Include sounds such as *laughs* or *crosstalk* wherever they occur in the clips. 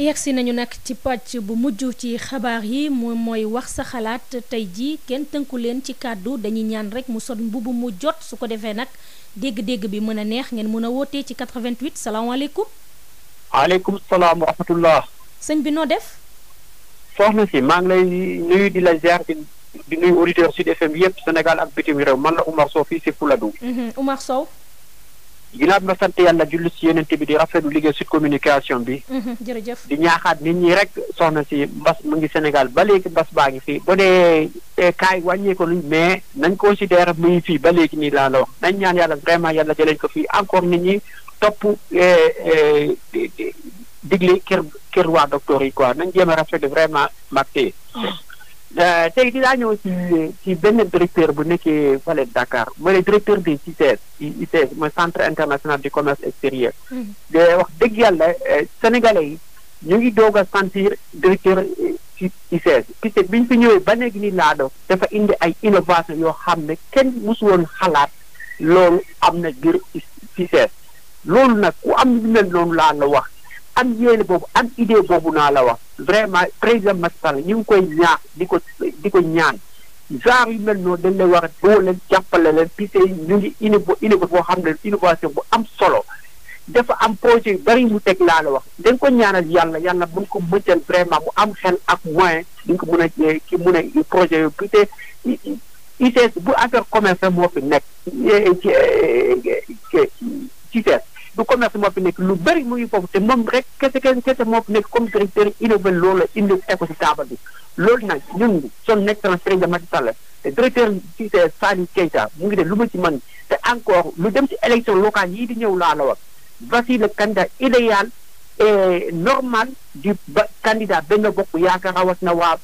yegsi nañu nag ci pàcc bu mujj ci xabaar yi moom mooy wax sa xalaat tey jii kenn tënku leen ci kàddu dañuy ñaan rek mu sol mbubu mu jot su ko defee nag dégg-dégg bi mën a neex ngeen mën a wootee ci 88 salaamaaleykum. waaleykum salaam wa rahmatullah. sëñ bi noo def. soxna si maa ngi lay nuyu di la ziar di di nuyu auditeurs Sud FM yëpp Sénégal ak bitim réew man la Umar Sow fii si Fuladu. Mhm, Umar Sow. ginnaaw bi ma sant yàlla julli si yonent bi di rafetlu liggéey Sud Communication bi. Mhm, jërëjëf di ñaaxaat nit ñi rek soxna si mbas mu ngi Sénégal ba léegi mbas baa ngi fii bu dee eh, kaay wàññee ko luñ mais nañ considère muy fii ba léegi nii laa la wax nañ ñaan yàlla vraiment yàlla jëleñ ko fii encore nit ñi topp eh, eh, digle kër kër waa docteur yi quoi nañ jéem rafet rafetlu vraiment mbàgte. Euh, tey dinaa ñëw ci ci benn directeur bu nekkee fale Dakar ma ne directeur bi ICS ICS mooy centre international du commerce extérieur. Hmm. de wax dëgg yàlla euh, sénégalais yi ñu ngi doog a sentir directeur ci ICS. biñ fi ñëwee ba léegi ni laa doon dafa indi ay innovation yoo xam ne kenn mosu woon xalaat loolu am na biir ICS loolu nag ku am lu mel noonu laa la wax. am yéene boobu am idée boobu naa la wax vraiment président Macky Sall ñu ngi koy ñaax di ko di ko ñaan genre yu mel noonu dañ lay war a doo leen jàppale leen puisque ñu ngi innové innové boo xam ne innovation bu am solo dafa am projet yu bari mu teg laa la wax dañ ko ñaanal yàlla yàlla mën ko mëccal vraiment mu am xel ak moyen ñu ko mën a ki mën a projet yooyu puisque ICS bu affaire commerce moo fi nekk i ci du commerce moo fi nekk lu bëri mu ngi foofu te moom rek kese kese kese moo nekk comme directeur innovel loolu la indi teg ko si table bi loolu nag ñun son excellence président Macky Sall te directeur ci Saliou Keita mu ngi def lu ma ci man te encore lu dem ci élection locale yii di ñëw laa la wax voici le candidat idéal et normal du ba candidat benn bokk yaakaar na waa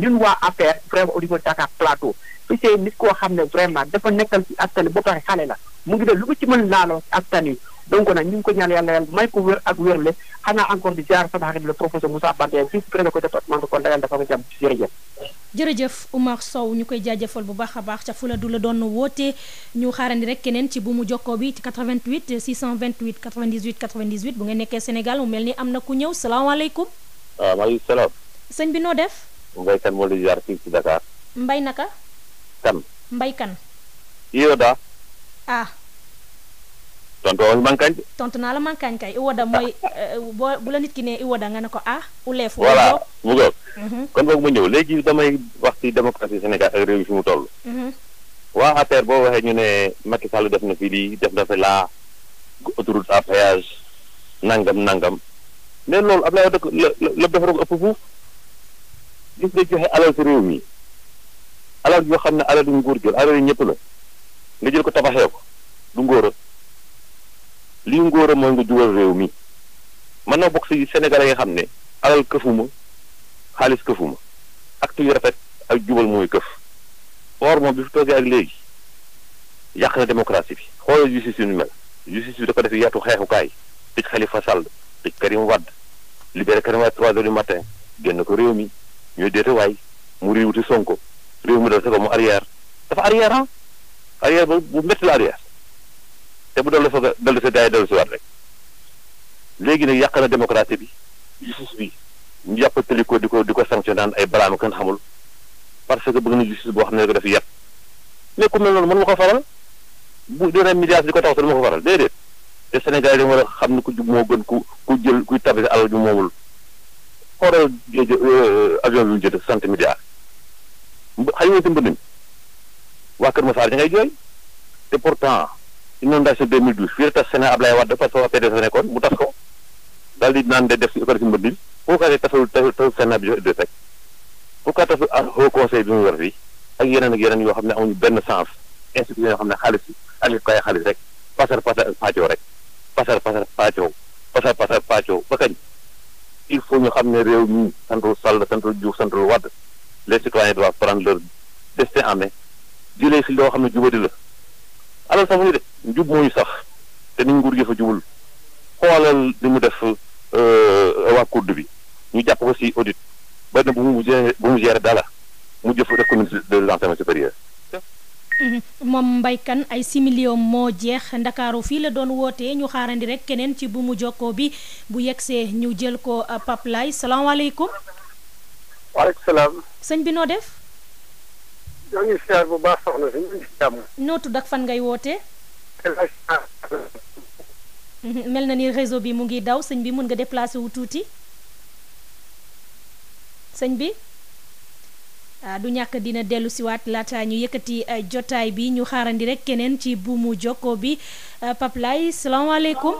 ñun waa affaire vraiment au niveau Dakar Plateau fi see nit koo xam ne vraiment dafa nekkal ci askan ba xale la mu ngi def lu ma ci mën laa la wax wi donc nag ñu ngi ko ñaan yàlla yàlla may ko wér ak wérle xanaa encore di jaar sama xarit le professeur Moussa Bandé dafa ko jàmm ci jërëjëf jërëjëf Oumar ñu koy jaajëfal bu baax a baax ca fu la du la doon woote ñu xaarandi rek keneen ci bu mu jokkoo bi ci 88 628 98 98 bu ngeen nekkee Sénégal mu mel ni am na ku ñëw salaamaaleykum waaw ah, maaleykum salaam sëñ bi noo def Mbaye Kane moo lay jaar fii ci Dakar naka kan Mbaye Kane daa ah tontoo wax man kañ. tontu naa la man kañ kay iwoda mooy *laughs* eh, eh, bu la nit ki nee iwoda nga ne ko ah. uleef voilà mu goog mhm. kon boog ma ñëw léegi damay wax ci démocratie Sénégal ak réew yi fi mu toll. Mhm. waa APR boo waxee ñu ne Macky Sall def na fi lii def na fi laa autoroute à péage nangam nangam mais loolu Ablaye Wade la la la defar ko ëpp fuuf gis nga joxe alal si réew mi alal yoo xam ne alal yu nguur jël alal yu ñëpp la nga jël ko tabaxee ko du ngóor liy ngóor a mooy nga jubal réew mi man na bokk si sénégalais yi xam ne alal këfuma xaalis këfuma acte yu rafet ak jubal mooy këf or moom bi fi toogee ak léegi yàq na démocratie bi xoolal justice yu ñu mel justice bi da def yaatu xeexukaay tëj Khalifa Sall tëj Karim Wade libéré Karim Wade 3 heures du matin génn ko réew mi ñooy déete waay mu riiwuti Sonko réew mi dal sa mu arrière dafa arrière ah arrière ba bu métti la arrière te bu dellu fa dellu sa gars yi dellu si waat rek léegi nag yàq na démocratie bi justice bi ñu jàppatali ko di ko di ko sanctionné naan ay balaanu kenn xamul parce que bëgg na justice boo xam ne ko def yàpp mais ku mel noonu mën ma ko faral bu dee milliards di ko tax sax du ma ko faral déedéet te Sénégal yi dañu war a xam ne ku jub moo gën ku ku jël kuy tabisi alal ju moomul xoolal euh, euh, avion bi mu jënd cent milliards xëy na ci mbënd mi waa Kër Masar ña ngay jooy te pourtant. inondation 2012 fii la tas Sénégal Ablaye Wade parce que waa PDS fa nekkoon mu tas ko daal di naan day def si économie mobile pourquoi tey tasul bi de teg pourquoi tasul haut bi mu yor ak yeneen ak yeneen yoo xam ne amuñu benn sens institution yoo xam ne xaalis ak li koy xaalis rek pasar pasar paccoo rek pasar pasar paccoo pasar pasar paccoo il faut ñu xam ne réew mi santul Sall santul Diouf santul Wade les citoyens doivent prendre leur destin en main jëlee fi loo xam ne jubadi la alal safuñu de njub mooñu sax te ni nguur gi jubul xoolal li mu def euh, waa kurd bi ñu jàpp ko si audit ba bu mu géré bu dala mu jëf def ko de l'enseignement supérieur *laughs* moom Mbaye ay similiom moo jeex ndakaaru fii la doon wootee ñu xaarandi rek keneen ci bumu mu jokkoo bi bu yegsee ñu jël ko Pape Laye salaamaaleykum waaleykum salaam sëñ bi noo def ñoo siyaar bu baax soxna si ñu ngi si jàmm. noo tudd fan ngay wootee. Mhm, mel na ni réseau bi mu ngi daw sëñ bi mun nga déplacé wu tuuti. sëñ bi. ah du ñàkk dina dellu siwaat laata ñu yëkkati eh, jotaay bi ñu xaarandi rek keneen ci buumu jokko bi eh, Pape Laye salaamaaleykum.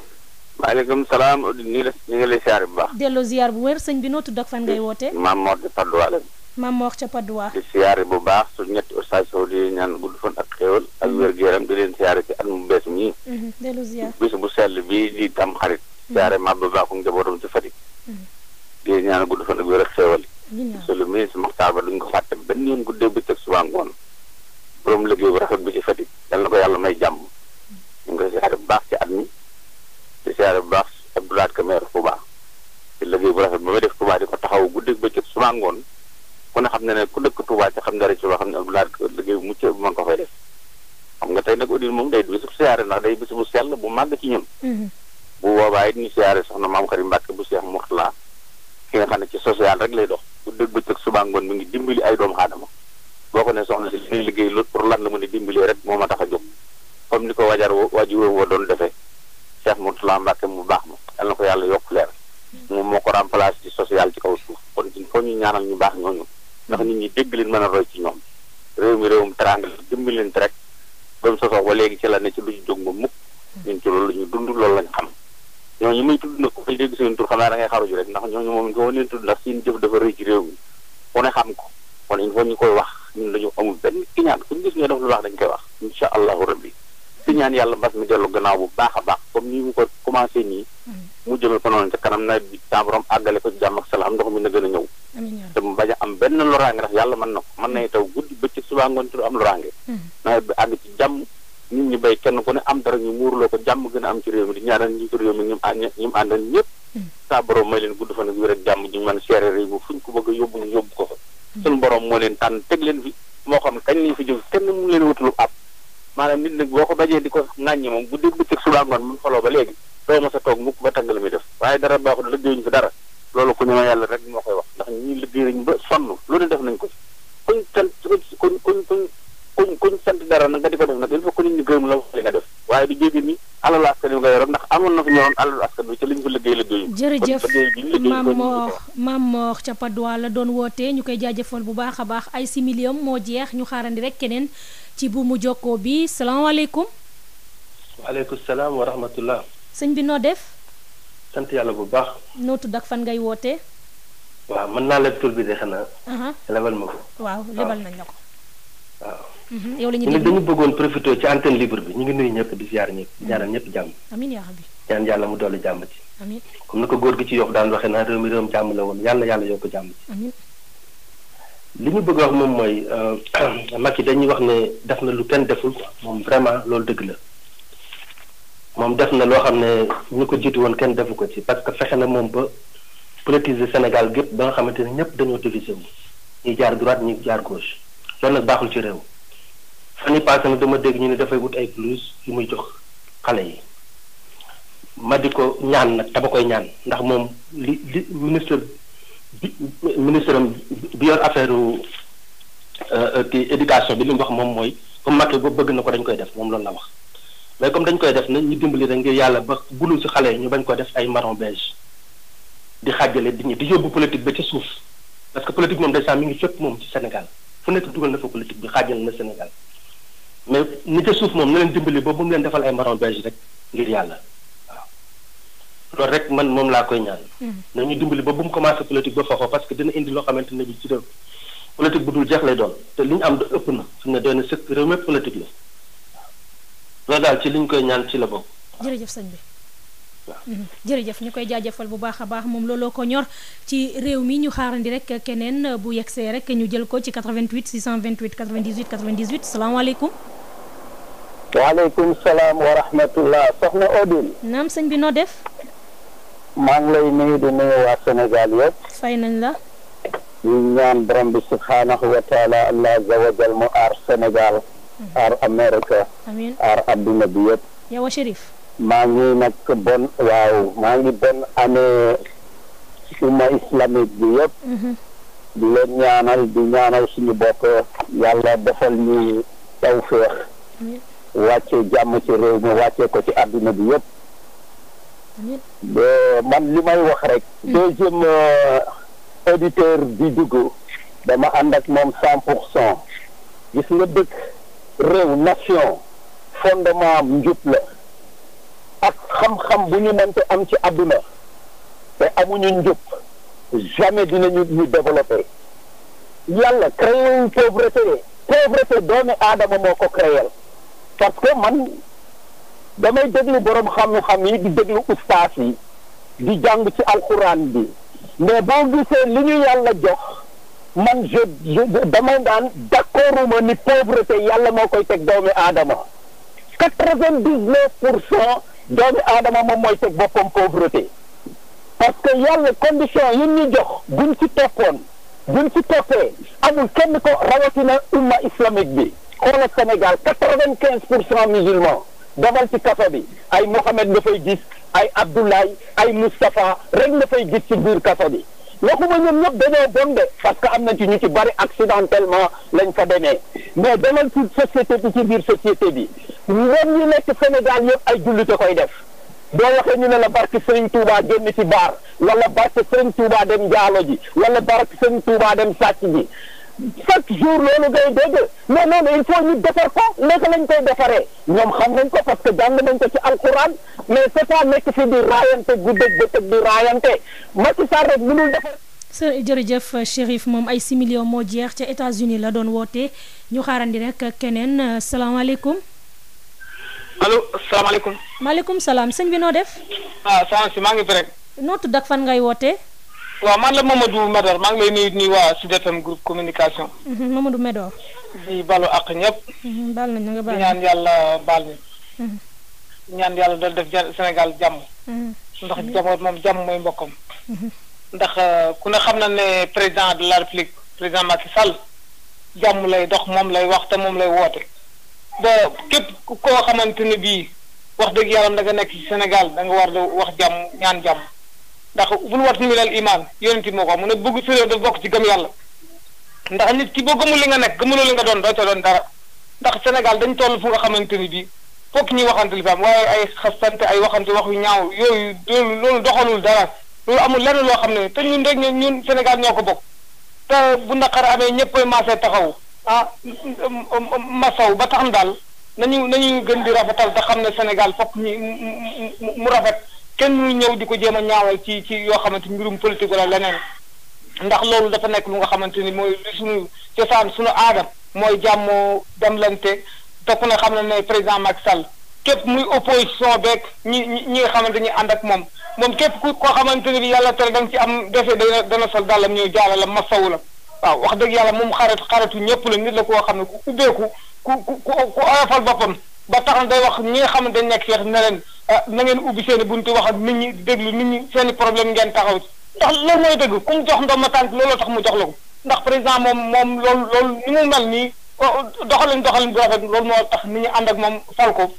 maaleykum salaam ñu ngi lay ñu ngi siyaar bu baax. delloo ziar bu wér sëñ bi nootu tudd fan ngay woote maam Mor di Padoua Maam Mor ca Padois di siyaare bu baax su ñetti oustaz sow di ñaan gudd fan ak xéewal ak mhm. wér-gu-yaram di leen siyaare ci at mu bees mii mhm. dellu bis bu sell bii di tam xarit mhm. siyaare maam bu baax ku njabootam ci Fatick di ñaan gudd fan ak wér ak xéewal monsieur le ko fàtte benn yoon guddee bëccëg suba ngoon borom liggéey bu rafet bi ci Fatick yal na ko yàlla may jàmm ñu ngi koy siyaare bu baax ci at mi di siyaare bu baax Abdoulaye Kamer bu baax ci liggéey bu rafet ba may def Touba di ko taxaw guddeeg bëccëg suba ngoon ku ne xam ne ne ku dëkk Touba ci xam dara ci loo xam ne Abdoulaye liggéey bu mucc bu ma ko fay nga tey nag audit moom day bisu siyaare ndax day bis bu sell bu màgg ci ñun mhm. bu boobaa it ñu siyaare soxna maam Xarim Mbàkke bu Seex Muxtala ki nga xam ne ci social rek lay dox bu dëgg bëccëg suba ngoon mi ngi dimbali ay doomu aadama boo ko ne soxna si li liggéey lu pour lan la mën a dimbali rek moo ma tax a jóg comme ni ko wajar waju woo doon defee Seex Muxtala Mbàkke mu baax ma yàlla na ko yàlla yokk leer ci liñ mën a roy ci ñoom réew mi réewum teraanga la dimbalante rek ba mu sosoo ba léegi ci la ne ci lu ñu jóg moom mukk ñun ci loolu ñu dund loolu lañ xam ñooñu muy tudd nag ku koy dégg seen tur xanaa da ngay xaruju rek ndax ñooñu moom ko wane tudd bañ a am benn loraange ndax yàlla mën na ko mën nay taw guddi bëccëg subaa ngoon hmm. ci ku ne am dara ñu muurloo ko jàmm gën a am ci réew mi di ñaanal ñi ci réew mi ñu ñu àndal ñëpp. Hmm. saa borom may leen gudd fan ak wér ak a yóbbu hmm. xoloo ba léegi doo ma sa toog mukk a tàggal mi def waaye dara baaxul liggéeyuñu fi dara loolu ku ñëw yàlla rek moo koy wax tax ñuy liggéey ba sonn lu ne def nañ ko kuñ sant kuñ dara nag nga di ko def nag il faut que nit ñi gërëm la wax li nga def waaye di jéggi ni alalu askan wi nga yoroon ndax amoon na fi ñoroon alalu askan wi ci liñ ko liggéey liggéey jërëjëf Mame Mor Mame Mor ca Padois la doon wootee ñu koy jaajëfal bu baax a baax ay similium moo jeex ñu xaarandi rek keneen ci bu jokkoo bi salaamaaleykum waaleykum salaam wa rahmatullah sëñ bi noo def sant yàlla bu baax noo tudd fan ngay wootee waaw mën naa la tur bi de xanaa. Uh-huh. lebal ma ko. waaw lebal nañ la ko. waaw. Uh-huh, yow la ñu dañu bëggoon profité ci antenne libre bi ñu ngi nuyu ñëpp di ziar ñëpp ñaanal ñëpp jàmm. Uh-huh. amiin yaa rabbi. ñaan yàlla mu dolli jàmm ci. amiin comme ko góor gi ci yokk daan waxee naa réew mi réewam jàmm la woon yàlla yàlla yokk jàmm ci. li ñu bëgg wax moom mooy euh, *clears throat* Macky dañuy wax ne def na lu kenn deful moom vraiment loolu dëgg la. moom def na loo xam ne ñu ko jiitu woon kenn defu ko ci parce que fexe na moom politiser Sénégal gépp ba nga xamante ne ñëpp dañoo divisé wu ñi jaar droite ñi jaar gauche loolu nag baaxul ci réew fan yi passé na dama dégg ñu ne dafay wut ay plus yu muy jox xale yi ma di ko ñaan nag dama koy ñaan ndax moom li li ministre bi ministre bi yor affaire euh, kii éducation bi li mu wax moom mooy comme Macky ba bëgg na ko dañ koy def moom loolu la wax mais comme dañ koy def na ñu dimbali rek ngir yàlla ba bulul si xale yi ñu bañ ko def ay marron di xaajale di ñu di yóbbu politique ba ca suuf parce que politique moom dèjà mi ngi fépp moom ci Sénégal fu nekk dugal na fa politique bi xaajal na Sénégal mais ni ca suuf moom na leen dimbali boobu mu leen defal ay marron beige rek ngir yàlla waaw loolu rek man moom laa koy ñaan. Hmm. nañu dimbali ba bu mu commencé politique ba foofa parce que dina indi loo xamante ne bi ci réew politique bu dul jeex lay doon te li ñu am da ëpp na fi mu ne doy na sëkk réew mépp politique daal ci li koy ñaan ci la bokk. jërëjëf sëñ Mm-hmm. jërëjëf ñu koy jaajëfal bu baax a baax moom looloo ko ñor ci réew mi ñu xaaral xaarandi rek keneen bu yegsee rek ñu jël ko ci 88 628 98 98 salaamaaleykum. waaleykum salaam wa rahmatullah soxna Odile. naam sëñ bi noo def. maa ngi lay nuyu di nuyu waa Sénégal yëpp. fay nañ la. ñu ñaan borom bi subhaanahu wa taala allah azza wa jal mu aar Sénégal. Mm-hmm. aar Amérique. aar adduna bi yëpp. yow a maa ngi nag bon waaw maa ngi bon amee suma islamique bi yëpp mhm. di leen ñaanal di ñaanal suñu bopp yàlla defal ñu tawféex wàcce jàmm ci réew mi wàcce ko ci àdduna bi yëpp man li may wax rek mhm. deuxième euh, auditeur bi dugg dama ànd ak moom cent pour cent gis nga dëkk réew nation fondement njub la ak xam-xam bu ñu mënte am ci àdduna te amuñu njub jamais dinañu ñu développé yàlla créé wu pauvreté pauvreté doomi aadama moo ko créé parce que man damay déglu borom xam-xam yi di déglu ustaas yi di jàng ci alxuraan bi mais boo gisee li ñu yàlla jox man je damay daan d'accorduma ni pauvreté yàlla moo koy teg doomi aadama quatre-vingt-dix-neuf pour cent doomi aadama moom mooy teg boppam pauvreté parce que yàlla condition yi ñu jox buñ ci toppoon buñ ci toppee amul kenn ko rawatina umma islamique bi xoolal Sénégal vingt quinze pour cent musulmans dafal ci kafa bi ay Mohamed nga fay gis ay Abdoulaye ay Moustapha rek nga fay gis ci biir kafa bi waxuma ñoom ñëpp dañoo bon de parce que am nañ ci ñu ci bari accidentellement lañ fa demee mais dalal ci société bi ci biir société bi ñoom ñi nekk Sénégal yëpp ay jullite koy def doo waxee ñu ne la barke Serigne Touba génn ci baar wala barke Serigne Touba dem jaalo ji wala barke Serigne Touba dem sàcc ji chaque jour loolu ngay dégg mais noonu il faut ñu defar ko nekk lañ koy defaree ñoom xam nañ ko parce que jàng nañ ko ci alquran mais c'est pas nekk fi di raayante guddeeg bëccëg di raayante Macky Sall rek mënul defar. sër jërëjëf Chérif moom ay similion moo jeex ca États-Unis la doon woote ñu xaarandi rek keneen salaamaaleykum. allo salaamaaleykum. maaleykum salaam sëñ bi noo def. ah soxna maa ngi fi rek. noo fan ngay woote waaw man la Mamadou Medor maa ngi lay nii nii waa Sud FM groupe communication. Mhm, Mamadou Medor. di balu ak ñëpp. Mhm, baal nañ nga baal ñaan yàlla baal ñu. Mhm. ñaan yàlla dal def Sénégal jàmm. ndax jamono moom jàmm mooy mbokkam. ndax euh, ku ne xam na ne président de la république président Macky Sall jàmm lay dox moom lay wax te moom lay woote. ba képp koo xamante ne bii wax dëgg yàlla da nga nekk ci Sénégal da war da wax jàmm ñaan jàmm ndax bul wat ni minal iman yonent moo ko wax a ne bëgg sëréer da bokk ci gëm yàlla ndax nit ki boo gëmul li nga nekk gëmuloo li nga doon doo ca doon dara ndax Sénégal dañ toll fu nga xamante ni bii fokk ñuy waxante li fi am waaye ay xasante ay waxante wax yu ñaaw yooyu loolu doxalul dara loolu amul leneen loo xam ne te ñun rek ñun senegal ñoo ko bokk te bu naqar amee ñëpp koy taxaw ah um, um, um, masaw ba tax na daal nañu ñu gën di rafetal te xam ne Sénégal fokk ñu mu rafet kenn mu ñëw di ko jéem a ñaawal ci ci yoo xamante mbirum politique wala leneen ndax loolu dafa nekk lu nga xamante ni mooy suñu cosaan suñu aadam mooy jàmmoo demlante te ku ne xam ne ne président Macky Sall képp muy opposition beeg ñi ñi nga xamante ñi ànd ak moom moom képp ku koo xamante ni bi yàlla tere da ci am defe dana dana sol dàllam ñëw jaala la la waaw wax dëgg yàlla moom xarit xaritu ñëpp la nit la koo xam ne ku ubbeeku ku ku ku oyofal boppam ba tax na day wax ñi nga xamante nekk feex ne leen ah, na ngeen ubbi seen i buntu wax ak nit ñi déglu ni ñi seen i problème ngeen taxaw ci ndax loolu mooy dëgg ku mu jox ndomba tànk looloo tax mu jox la ko ndax président moom moom loolu loolu ni mu mel nii oh, doxalin doxalin bu rafet loolu moo tax ni ñu ànd ak moom fal ko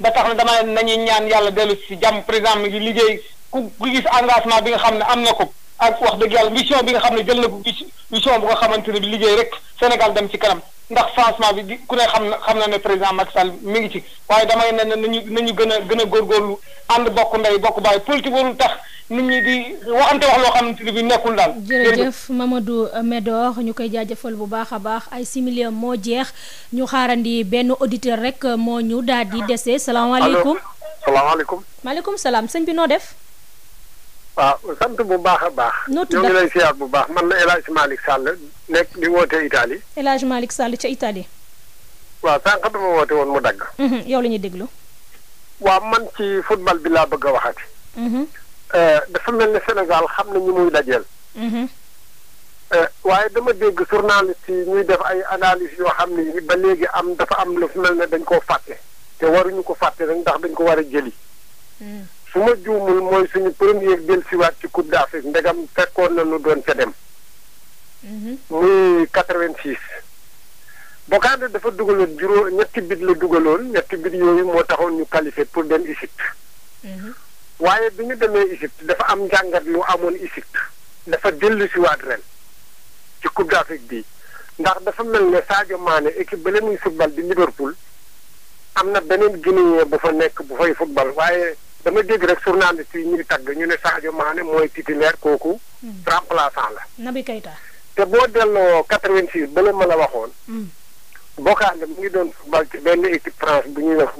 ba tax na dama nañuy ñaan yàlla dellu si jàmm président mi ngi liggéey ku gis engagement bi nga xam ne am na ko ak wax dëgg yàlla mission bi nga xam ne jël na ko mission bu nga xamante ne bi liggéey rek Sénégal dem ci kanam ndax financement bi ku ne xam na xam na ne président Macky Sall mi ngi ci waaye damay ne nañu nañu gën a gën a góorgóorlu ànd bokk ndey bokk bàyyi politique warul tax nit ñi di waxante wax loo xamante ne bi nekkul daal. jërëjëf Mamadou Médor ñu koy jaajëfal bu baax a baax ay simili moo jeex ñu xaarandi benn auditeur rek moo ñu daal di dese. salaamaaleykum allo salaamaaleykum. maaleykum salaam sëñ bi noo def. waaw sant bu baax a baax. noo tudd ñoo lay siyaar bu baax man la El Hadj Malick nekk di woote Italie. El Hadj Malick Sall ca Italie. waaw sànq dama woote woon mu dagg. Mhm, yow la ñuy déglu. waaw man ci football bi laa bëgg a waxati. Mhm. Eh, dafa mel ni Sénégal xam na ñu muy dajeel. Mhm. Eh, waaye dama dégg journaliste yi ñuy def ay analyse yoo xam ne ba léegi am dafa am lu mel na dañ koo fàtte te waruñu ko fàtte rek ndax dañ ko war a jëli. su ma juumul mooy suñu premier dellusiwaat ci Coupe d'Afrique ndegam fekkoon na nu doon ca dem. Mhm. muy 86. Bokande dafa dugaloon juróom ñetti bit la dugaloon ñetti bit yooyu moo taxoon ñu qualifié pour dem Égypte. Mhm. waaye bi ñu demee Égypte dafa am njàngat lu amoon Égypte. dafa dellusiwaat ren ci Coupe d'Afrique bi ndax dafa mel ne Sadio Mané équipe ba leen muy football di Liverpool am na beneen Guinéen bu fa nekk bu fay football waaye. dama dégg rek journaliste yi ñuy tagg ñu ne Sadio Mané mooy titulaire kooku. Hmm. remplaçant la. Naby Keita. te boo delloo 86 ba la ma la waxoon. Hmm. Bocandé mu ngi doon football ci benn équipe France bu ñuy wax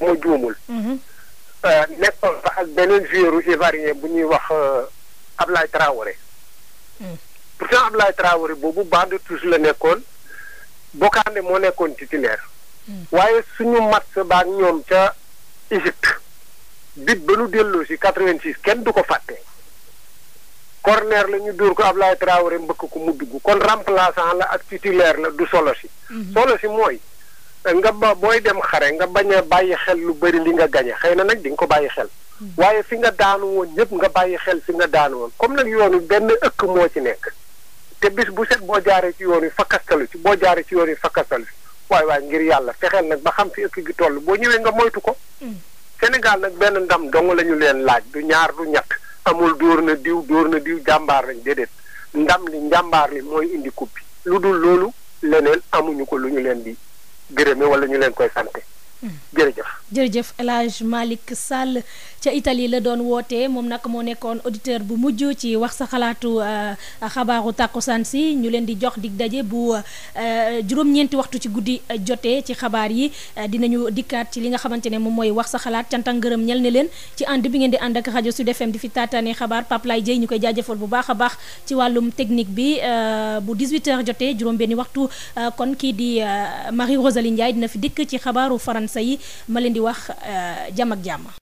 moo juumul. Hmm. Euh, nekkoon fa beneen joueur ivoirien bu ñuy wax euh, Ablaye Traoré. pourtant Ablaye Traoré boobu bande tous la nekkoon Bocandé moo nekkoon titulaire. waaye suñu match ba ak ñoom ca Égypte. bit ba nu delloo si 86 kenn du ko fàtte. corner la ñu dóor ko Ablaye Traoré mbëkk ko mu dugg kon remplaçant la ak titulaire la du solo si. Mhm. solo si mooy nga ba booy dem xare nga bañ a bàyyi xel lu bëri li nga gañe xëy na nag di nga ko bàyyi xel. Mhm. waaye fi nga daanu woon ñëpp nga bàyyi xel fi nga daanu woon comme nag yoon benn ëkk moo ci nekk. te bis bu set boo jaaree ci yoon wi fakkastalu ci boo jaaree ci yoon wi fakkastalu ci waaye waaye ngir yàlla fexeel nag ba xam fi ëkk gi toll boo ñëwee nga moytu ko. Mhm. Sénégal nag benn ndam dong lañu leen laaj du ñaar du ñett amul dóor na diw dóor na diw jàmbaar lañ déedéet ndam li njàmbaar li mooy indi coupe lu dul loolu leneen amuñu ko lu ñu leen di gërëme wala ñu leen koy sante hmm. jërëjëf jërëjëf El Hadj Malick Sall ca Italie la doon wootee moom nag moo nekkoon auditeur bu mujj ci wax sa xalaatu euh, xabaaru tàkkusaan si ñu leen di jox dig daje bu euh, juróom-ñeenti waxtu ci guddi jotee ci xabaar yi euh, dinañu dikkaat ci li nga xamante ne moom mooy wax sa xalaat canta ngërëm ñel ne leen ci ànd bi ngeen di ànd ak rajo Sud FM di fi taataane xabaar Pape Laye Dieye ñu koy jaajëfal bu baax a baax ci wàllum technique bi bu 18h jotee juróom-benni waxtu kon kii di Marie Rosalie Ndiaye dina fi dikk ci xabaaru faransa yi wax euh, jam ak jàmm